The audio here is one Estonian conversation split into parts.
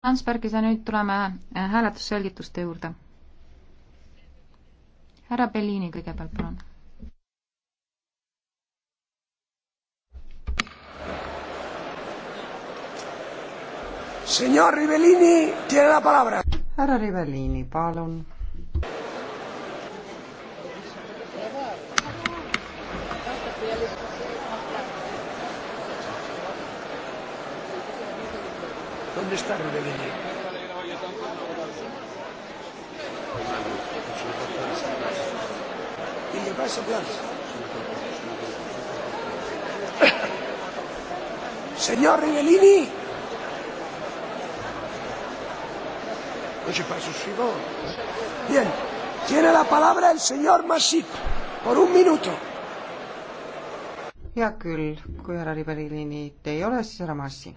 Landsbergis ja nüüd tuleme äh, hääletusselgituste juurde. härra Bellini kõigepealt, palun. härra Rivellini, palun. ¿Dónde está el DVD? ¿Y qué pasa, Blas? Señor Rivellini? No se pasa, si no. Bien, tiene la palabra el señor Masip por un minuto hea küll, kui härra Liberilini ei ole, siis härra Marssi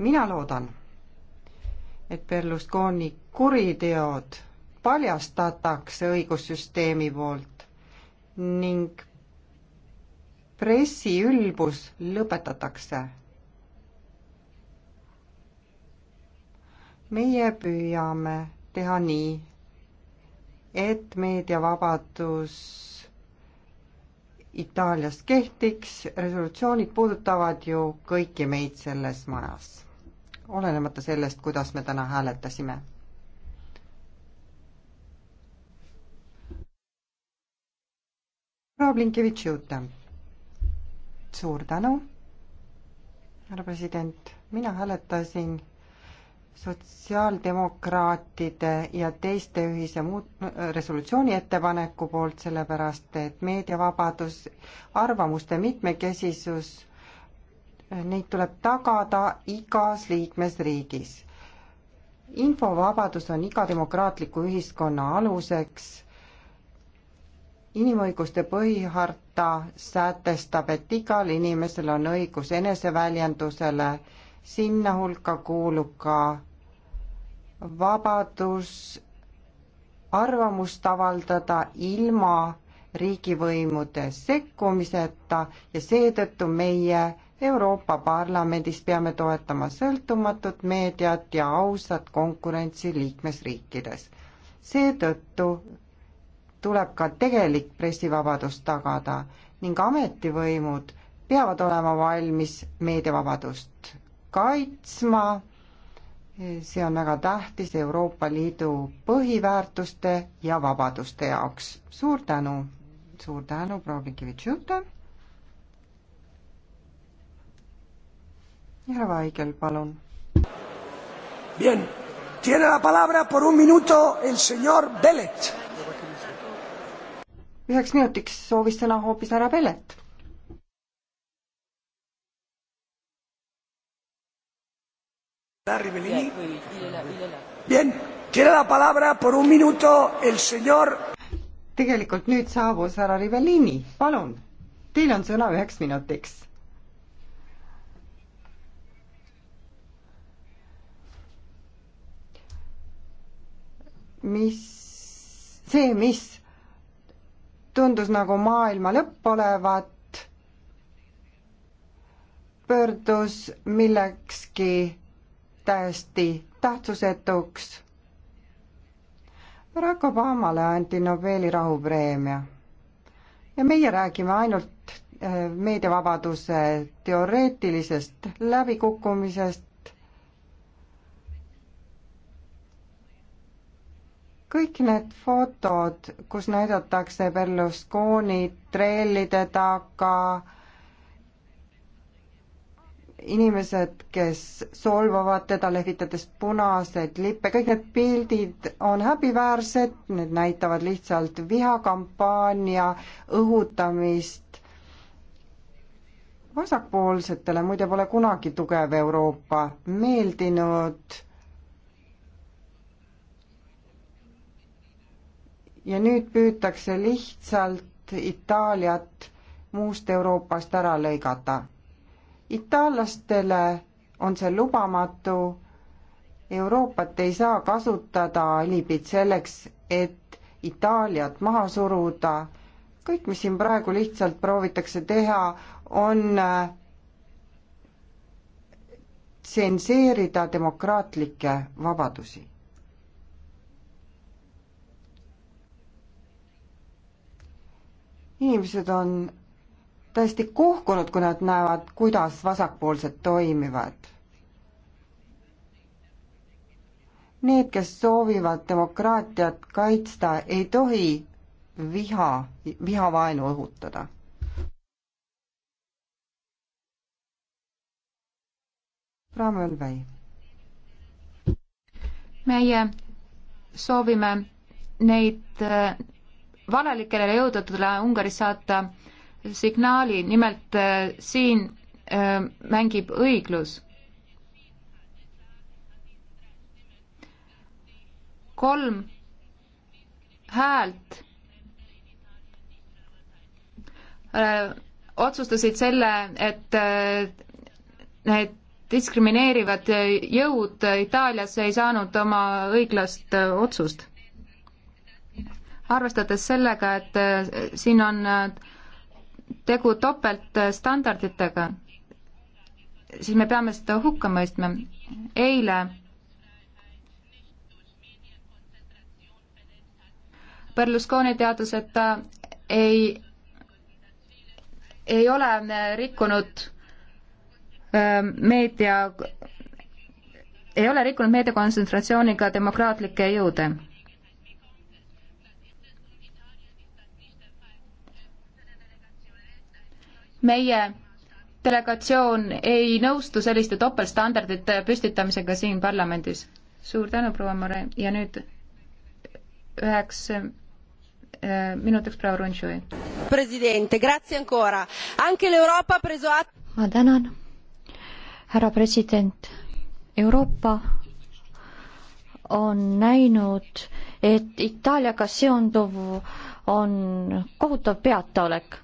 mina loodan, et Berlusconi kuriteod paljastatakse õigussüsteemi poolt ning pressi ülbus lõpetatakse. meie püüame teha nii, et meediavabadus Itaalias kehtiks, resolutsioonid puudutavad ju kõiki meid selles majas olenemata sellest, kuidas me täna hääletasime. proua Blinkevitš-Jute, suur tänu, härra president, mina hääletasin sotsiaaldemokraatide ja teiste ühise muut-, resolutsiooni ettepaneku poolt, sellepärast et meediavabadus, arvamuste mitmekesisus neid tuleb tagada igas liikmesriigis. infovabadus on iga demokraatliku ühiskonna aluseks, inimõiguste põhiharta sätestab, et igal inimesel on õigus eneseväljendusele, sinna hulka kuulub ka vabadus arvamust avaldada ilma riigivõimude sekkumiseta ja seetõttu meie Euroopa Parlamendis peame toetama sõltumatut meediat ja ausat konkurentsi liikmesriikides. seetõttu tuleb ka tegelik pressivabadus tagada ning ametivõimud peavad olema valmis meediavabadust kaitsma. see on väga tähtis Euroopa Liidu põhiväärtuste ja vabaduste jaoks. suur tänu, suur tänu, proua Kikivitš-Jutte härra Vaigel, palun. Bien, tiene la palabra por un minuto el señor Bellet. üheks minutiks soovis sõna hoopis härra Bellet Rivellini. Bien, tiene la palabra por un minuto el señor. tegelikult nüüd saabus härra Rivellini, palun, teil on sõna üheks minutiks mis, see, mis tundus nagu maailma lõpp olevat, pöördus millekski täiesti tähtsusetuks. Barack Obamale anti Nobeli rahupreemia ja meie räägime ainult eh, meediavabaduse teoreetilisest läbikukkumisest, kõik need fotod, kus näidatakse Berlusconi trellide taga inimesed, kes solvavad teda, lehvitades punaseid lippe, kõik need pildid on häbiväärsed, need näitavad lihtsalt vihakampaania õhutamist vasakpoolsetele, muide pole kunagi tugev Euroopa meeldinud ja nüüd püütakse lihtsalt Itaaliat muust Euroopast ära lõigata. itaallastele on see lubamatu, Euroopat ei saa kasutada alibit selleks, et Itaaliat maha suruda, kõik, mis siin praegu lihtsalt proovitakse teha, on äh, tsenseerida demokraatlikke vabadusi. inimesed on täiesti kohkunud, kui nad näevad, kuidas vasakpoolsed toimivad Need, kes soovivad demokraatiat kaitsta, ei tohi viha, vihavaenu õhutada. Raamel Väi. meie soovime neid valelikele jõududele Ungaris saata signaali, nimelt äh, siin äh, mängib õiglus. kolm häält öö, äh, otsustasid selle, et öö, need diskrimineerivad jõud Itaalias ei saanud oma õiglast otsust arvestades sellega, et äh, siin on äh, tegu topeltstandarditega, äh, siis me peame seda hukka mõistma. eile Berlusconi teatas, et ta ei, ei ole rikkunud meedia, ei ole rikkunud meediakontsentratsiooniga demokraatlikke jõude meie delegatsioon ei nõustu selliste topeltstandardite püstitamisega siin parlamendis. suur tänu, proua Mare, ja nüüd üheks äh, minutiks proua Runšui. president, grazie ancora, anche l'Euroopa preso at-. ma tänan, härra president. Euroopa on näinud, et Itaaliaga seonduv on kohutav peataolek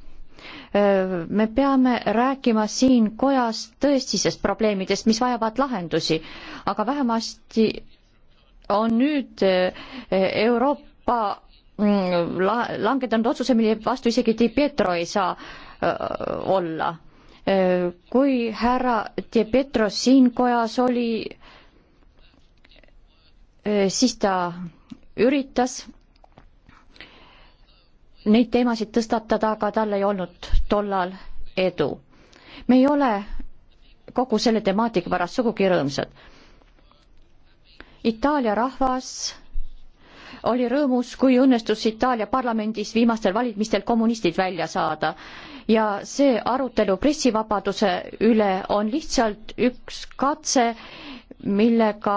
me peame rääkima siin kojas tõestisest probleemidest, mis vajavad lahendusi, aga vähemasti on nüüd Euroopa mm, langetanud otsuse, mille vastu isegi Di Pietro ei saa olla. kui härra Di Pietro siin kojas oli, siis ta üritas neid teemasid tõstatada, aga tal ei olnud tollal edu. me ei ole kogu selle temaatika pärast sugugi rõõmsad. Itaalia rahvas oli rõõmus, kui õnnestus Itaalia parlamendis viimastel valimistel kommunistid välja saada ja see arutelu pressivabaduse üle on lihtsalt üks katse, millega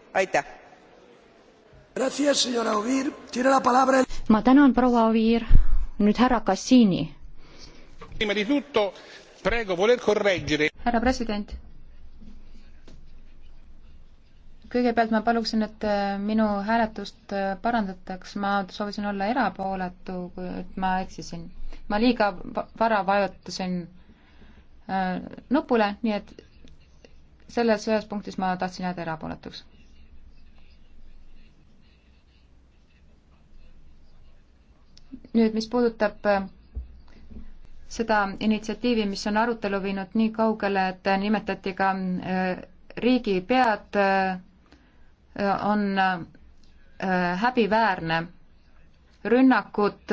aitäh! ma tänan proua Oviir, nüüd härra Cassini. härra president kõigepealt ma paluksin, et äh, minu hääletust äh, parandataks, ma soovisin olla erapooletu, et ma eksisin. ma liiga vara vajutasin äh, nupule, nii et selles ühes punktis ma tahtsin jääda erapooletuks nüüd, mis puudutab äh, seda initsiatiivi, mis on arutelu viinud nii kaugele, et nimetati ka äh, riigipead, äh, on häbiväärne. rünnakud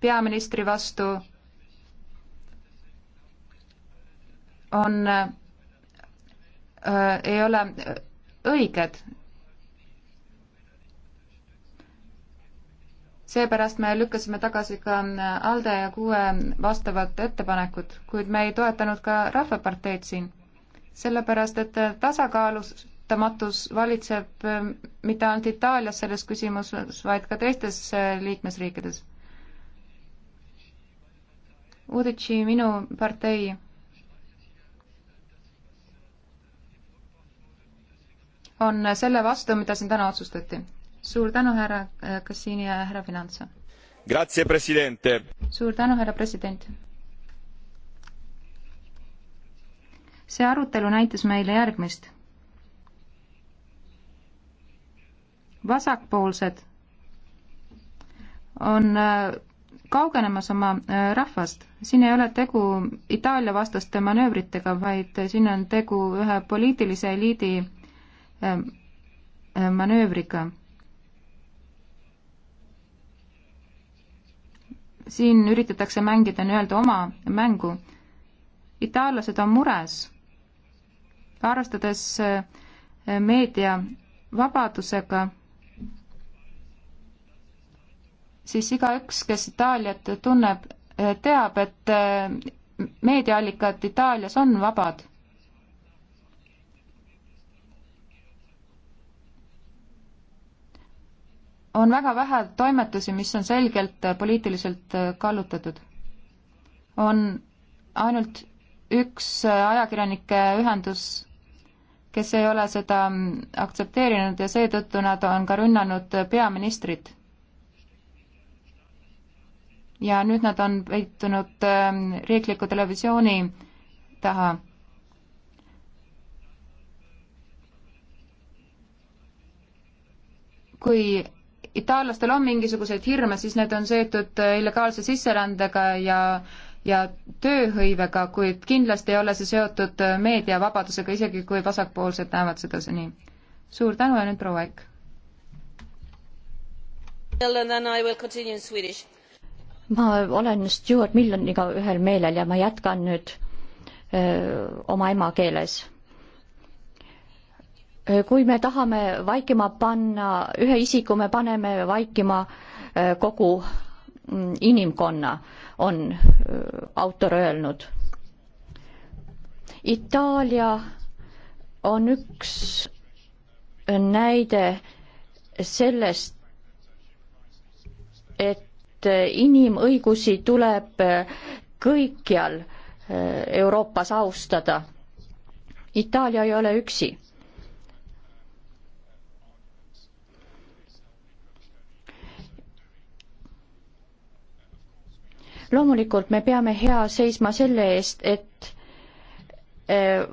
peaministri vastu on, ei ole õiged seepärast me lükkasime tagasi ka äh, ALDE ja kuue vastavat ettepanekut, kuid me ei toetanud ka Rahvaparteid siin. sellepärast, et äh, tasakaalustamatus valitseb äh, mitte ainult Itaalias selles küsimuses, vaid ka teistes liikmesriikides. Udici, minu partei on selle vastu, mida siin täna otsustati suur tänu, härra Kassini äh, ja härra Finanza. Grazie, president. suur tänu, härra president. see arutelu näitas meile järgmist. vasakpoolsed on äh, kaugenemas oma äh, rahvast. siin ei ole tegu Itaalia vastaste manöövritega, vaid siin on tegu ühe poliitilise eliidi manöövriga. siin üritatakse mängida nii-öelda oma mängu. itaallased on mures, arvestades eh, meediavabadusega, siis igaüks, kes Itaaliat tunneb, eh, teab, et eh, meediaallikad Itaalias on vabad on väga vähe toimetusi, mis on selgelt äh, poliitiliselt äh, kallutatud. on ainult üks äh, ajakirjanike ühendus, kes ei ole seda mm, aktsepteerinud ja seetõttu nad on ka rünnanud peaministrit. ja nüüd nad on peitunud ähm, riikliku televisiooni taha kui itaallastel on mingisuguseid hirme, siis need on seotud äh, illegaalse sisserändega ja ja tööhõivega, kuid kindlasti ei ole see seotud äh, meediavabadusega, isegi kui vasakpoolsed näevad seda nii. suur tänu ja nüüd proua Eik. ma olen Stewart Milloniga ühel meelel ja ma jätkan nüüd öö, äh, oma emakeeles kui me tahame vaikima panna ühe isiku, me paneme vaikima äh, kogu mm, inimkonna, on äh, autor öelnud. Itaalia on üks näide sellest, et äh, inimõigusi tuleb kõikjal Euroopas austada. Itaalia ei ole üksi loomulikult me peame hea seisma selle eest, et eh,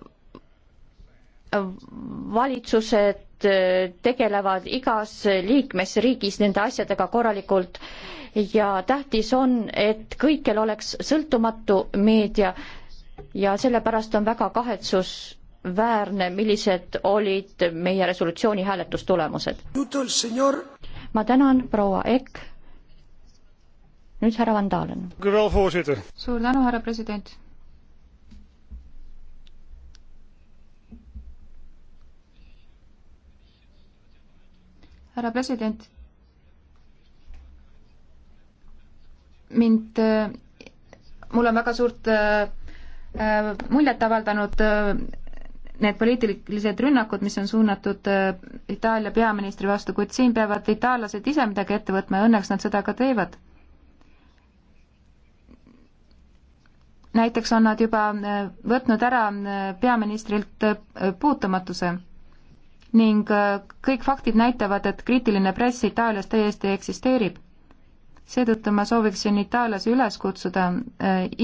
valitsused eh, tegelevad igas liikmesriigis nende asjadega korralikult ja tähtis on, et kõikjal oleks sõltumatu meedia ja sellepärast on väga kahetsusväärne, millised olid meie resolutsiooni hääletustulemused. ma tänan, proua Ekk nüüd härra Van Dalen. suur tänu, härra president. härra president, mind, äh, mul on väga suurt äh, äh, muljet avaldanud need poliitilised rünnakud, mis on suunatud Itaalia peaministri vastu, kuid siin peavad itaallased ise midagi ette võtma ja õnneks nad seda ka teevad näiteks on nad juba äh, võtnud ära äh, peaministrilt äh, puutumatuse ning kõik faktid näitavad, et kriitiline press Itaalias täiesti eksisteerib. seetõttu ma sooviksin itaallasi üles kutsuda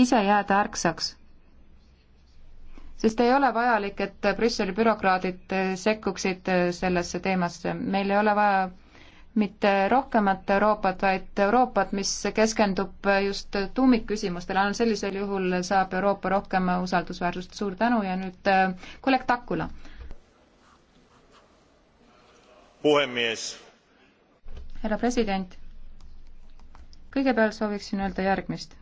ise jääda ärksaks. sest ei ole vajalik, et Brüsseli bürokraadid sekkuksid sellesse teemasse, meil ei ole vaja mitte rohkemat Euroopat, vaid Euroopat, mis keskendub just tuumikküsimustele, ainult sellisel juhul saab Euroopa rohkem usaldusväärsust. suur tänu ja nüüd äh, kolleeg Takula. puhemees. härra president, kõigepealt sooviksin öelda järgmist.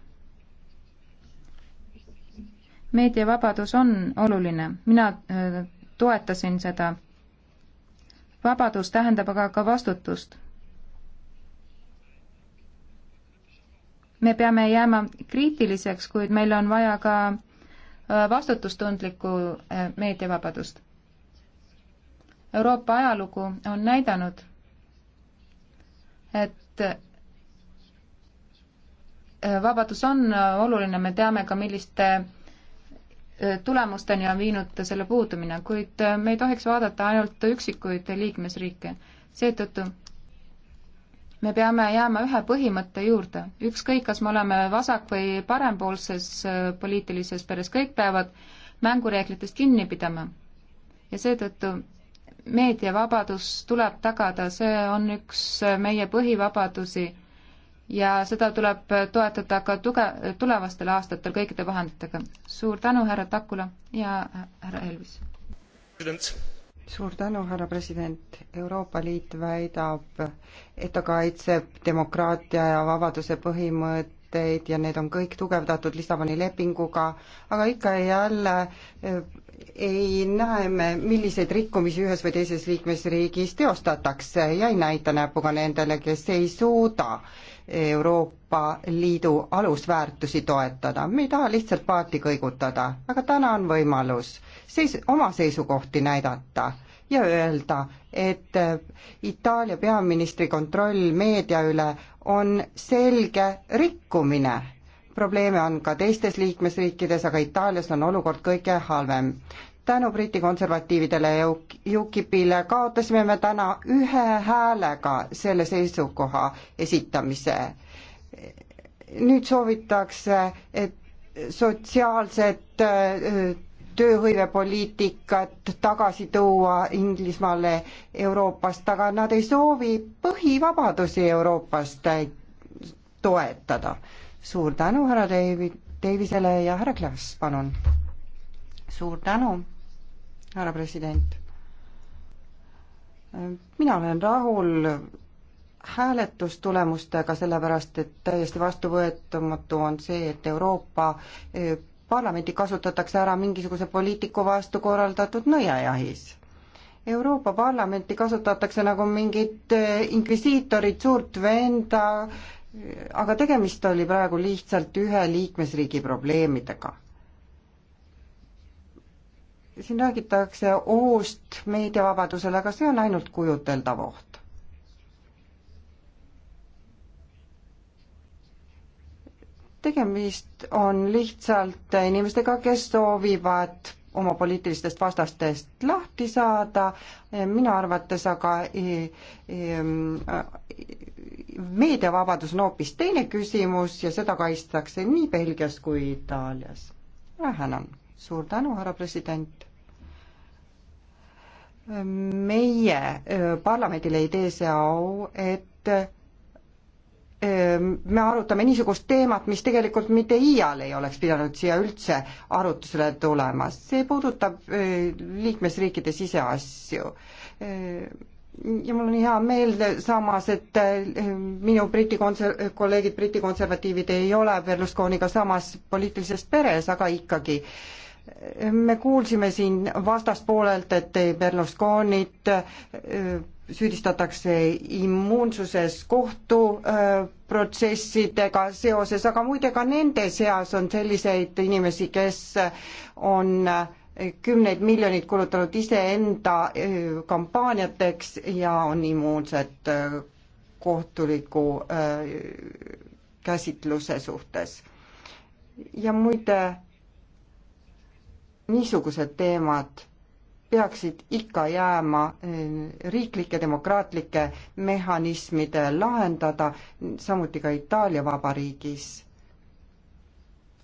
meediavabadus on oluline, mina äh, toetasin seda vabadus tähendab aga ka vastutust. me peame jääma kriitiliseks, kuid meil on vaja ka äh, vastutustundlikku äh, meediavabadust. Euroopa ajalugu on näidanud, et äh, vabadus on oluline, me teame ka, milliste tulemusteni on viinud selle puudumine, kuid me ei tohiks vaadata ainult üksikuid liikmesriike. seetõttu me peame jääma ühe põhimõtte juurde, ükskõik, kas me oleme vasak- või parempoolses äh, poliitilises peres, kõik peavad mängureeglitest kinni pidama. ja seetõttu meediavabadus tuleb tagada, see on üks äh, meie põhivabadusi ja seda tuleb toetada ka tuge-, tulevastel aastatel kõikide vahenditega. suur tänu, härra Takula ja härra Elvis. suur tänu, härra president. Euroopa Liit väidab, et ta kaitseb demokraatia ja vabaduse põhimõtteid ja need on kõik tugevdatud Lissaboni lepinguga, aga ikka ja jälle ei näe me, milliseid rikkumisi ühes või teises liikmesriigis teostatakse ja ei näita näpuga nendele, kes ei suuda Euroopa Liidu alusväärtusi toetada. me ei taha lihtsalt paati kõigutada, aga täna on võimalus seis-, oma seisukohti näidata ja öelda, et Itaalia peaministri kontroll meedia üle on selge rikkumine probleeme on ka teistes liikmesriikides, aga Itaalias on olukord kõige halvem. tänu Briti konservatiividele ja UKIP-ile kaotasime me täna ühe häälega selle seisukoha esitamise. nüüd soovitakse, et sotsiaalset tööhõivepoliitikat tagasi tuua Inglismaale Euroopast, aga nad ei soovi põhivabadusi Euroopast toetada suur tänu härra David, Davisele ja härra Klaas, palun. suur tänu, härra president. mina olen rahul hääletustulemustega, sellepärast et täiesti vastuvõetamatu on see, et Euroopa e, Parlamenti kasutatakse ära mingisuguse poliitiku vastu korraldatud nõiajahis. Euroopa Parlamenti kasutatakse nagu mingit e, inkvisiitorit, suurt venda, aga tegemist oli praegu lihtsalt ühe liikmesriigi probleemidega. siin räägitakse ohust meediavabadusele, aga see on ainult kujuteldav oht. tegemist on lihtsalt inimestega, kes soovivad oma poliitilistest vastastest lahti saada, minu arvates aga eh, eh, meediavabadus on hoopis teine küsimus ja seda kaitstakse nii Belgias kui Itaalias. vähenan. suur tänu, härra president. meie parlamendile ei tee see au, et me arutame niisugust teemat, mis tegelikult mitte iial ei oleks pidanud siia üldse arutusele tulemas. see puudutab liikmesriikide siseasju ja mul on hea meel samas, et eh, minu Briti konser-, kolleegid Briti konservatiivid ei ole Berlusconiga samas poliitilises peres, aga ikkagi. me kuulsime siin vastaspoolelt, et Berlusconit eh, süüdistatakse immuunsuses kohtuprotsessidega eh, seoses, aga muide ka nende seas on selliseid inimesi, kes on äh, kümneid miljoneid kulutanud iseenda kampaaniateks ja on immuunsed kohtuliku käsitluse suhtes. ja muide, niisugused teemad peaksid ikka jääma riiklike demokraatlike mehhanismide lahendada, samuti ka Itaalia Vabariigis.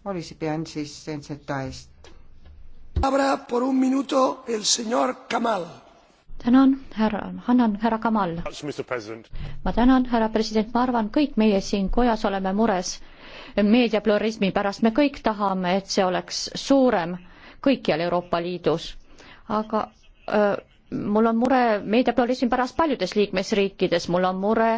oli see pean siis NZA eest tänan, härra, annan härra Kamal. ma tänan, härra president, ma arvan, kõik meie siin kojas oleme mures meediapluralismi pärast, me kõik tahame, et see oleks suurem kõikjal Euroopa Liidus, aga öö, mul on mure meediapluralismi pärast paljudes liikmesriikides, mul on mure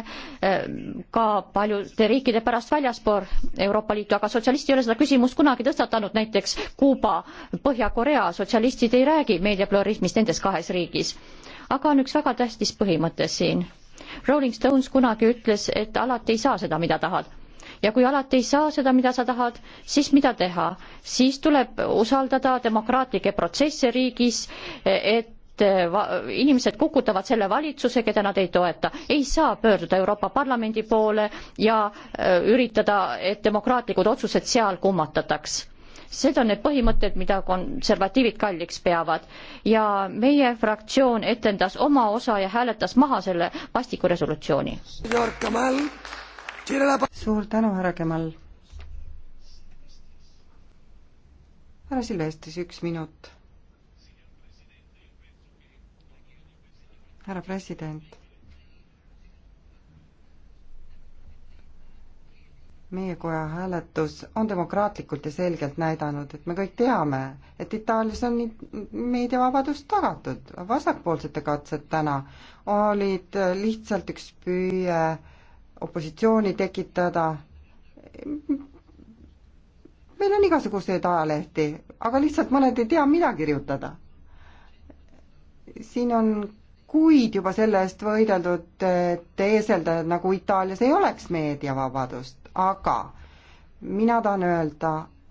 eh, ka paljude riikide pärast väljaspool Euroopa Liitu, aga sotsialistid ei ole seda küsimust kunagi tõstatanud, näiteks Kuuba, Põhja-Korea, sotsialistid ei räägi meediapluralismist nendes kahes riigis. aga on üks väga tähtis põhimõte siin. Rolling Stones kunagi ütles, et alati ei saa seda, mida tahad ja kui alati ei saa seda, mida sa tahad, siis mida teha? siis tuleb usaldada demokraatlikke protsesse riigis, eh, et et eh, inimesed kukutavad selle valitsuse, keda nad ei toeta. ei saa pöörduda Euroopa Parlamendi poole ja eh, üritada, et demokraatlikud otsused seal kummatataks. Need on need põhimõtted, mida konservatiivid kalliks peavad ja meie fraktsioon etendas oma osa ja hääletas maha selle vastiku resolutsiooni. suur tänu, härra Kemal härra Silvestris, üks minut. härra president. meie koja hääletus on demokraatlikult ja selgelt näidanud, et me kõik teame, et Itaalias on meediavabadus tagatud. vasakpoolsete katsed täna olid lihtsalt üks püüe opositsiooni tekitada. meil on igasuguseid ajalehti, aga lihtsalt mõned ei tea, mida kirjutada. siin on kuid juba selle eest võideldud teeseldajad nagu Itaalias ei oleks meediavabadust, aga mina tahan öelda,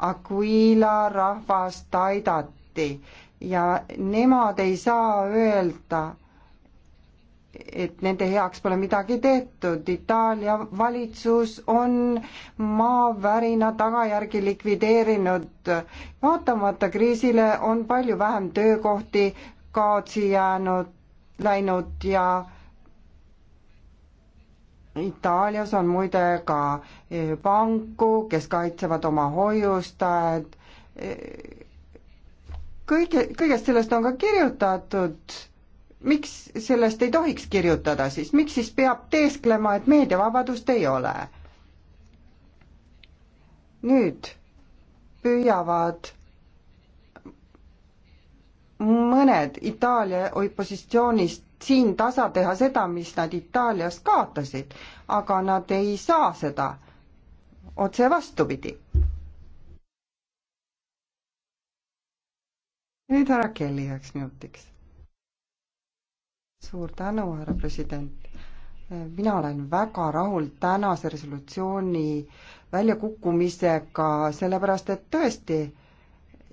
Aquila rahvast aidati ja nemad ei saa öelda, et nende heaks pole midagi tehtud. Itaalia valitsus on maavärina tagajärgi likvideerinud. vaatamata kriisile on palju vähem töökohti kaotsi jäänud läinud ja Itaalias on muide ka e, panku, kes kaitsevad oma hoiustajaid. E, kõige, kõigest sellest on ka kirjutatud. miks sellest ei tohiks kirjutada siis, miks siis peab teesklema, et meediavabadust ei ole? nüüd püüavad mõned Itaalia opositsioonist siin tasa teha seda, mis nad Itaalias kaotasid, aga nad ei saa seda. otse vastupidi. nüüd härra Kelly üheks minutiks. suur tänu, härra president. mina olen väga rahul tänase resolutsiooni väljakukkumisega, sellepärast et tõesti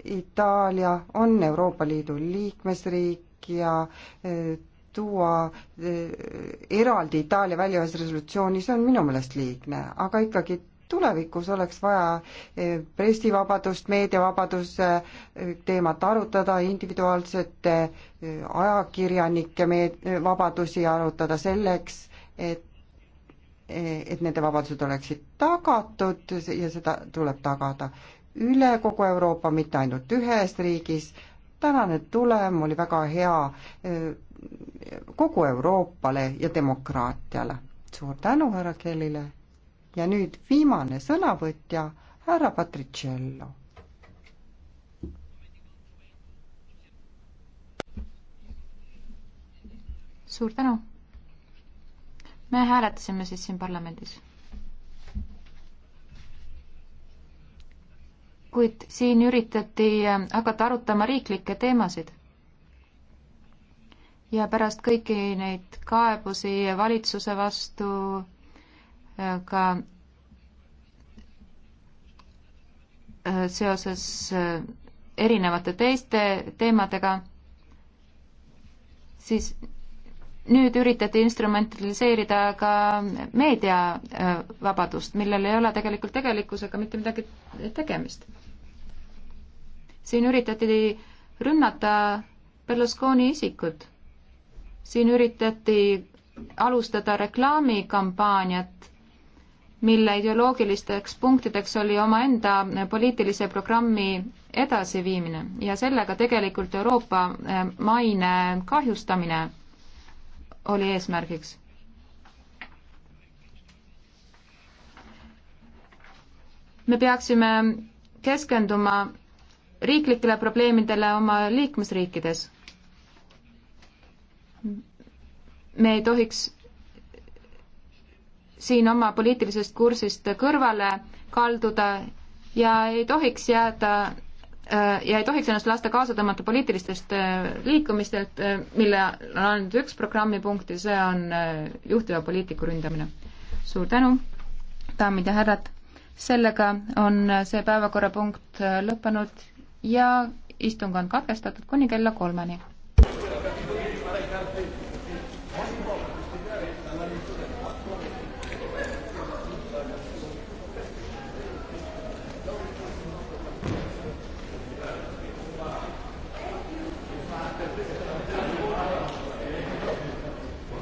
Itaalia on Euroopa Liidu liikmesriik ja e, tuua e, eraldi Itaalia välja ühes resolutsiooni, see on minu meelest liigne, aga ikkagi tulevikus oleks vaja e, pressivabadust, meediavabaduse teemat arutada, individuaalsete ajakirjanike meed-, vabadusi arutada selleks, et et nende vabadused oleksid tagatud ja seda tuleb tagada üle kogu Euroopa, mitte ainult ühes riigis. tänane tulem oli väga hea eh, kogu Euroopale ja demokraatiale. suur tänu härra Kellile. ja nüüd viimane sõnavõtja, härra Patricello. suur tänu. me hääletasime siis siin parlamendis kuid siin üritati hakata arutama riiklikke teemasid. ja pärast kõiki neid kaebusi valitsuse vastu äh, ka äh, seoses äh, erinevate teiste teemadega, siis nüüd üritati instrumentaliseerida ka meediavabadust, äh, millel ei ole tegelikult tegelikkusega mitte midagi tegemist. siin üritati rünnata Berlusconi isikut. siin üritati alustada reklaamikampaaniat, mille ideoloogilisteks punktideks oli omaenda poliitilise programmi edasiviimine ja sellega tegelikult Euroopa äh, maine kahjustamine oli eesmärgiks. me peaksime keskenduma riiklikele probleemidele oma liikmesriikides. me ei tohiks siin oma poliitilisest kursist kõrvale kalduda ja ei tohiks jääda Äh, ja ei tohiks ennast lasta kaasa tõmmata poliitilistest äh, liikumistelt, äh, mille on ainult üks programmi punkt ja see on juhtiva poliitiku ründamine. suur tänu, daamid ja härrad, sellega on see päevakorrapunkt lõppenud ja istung on katkestatud kuni kella kolmeni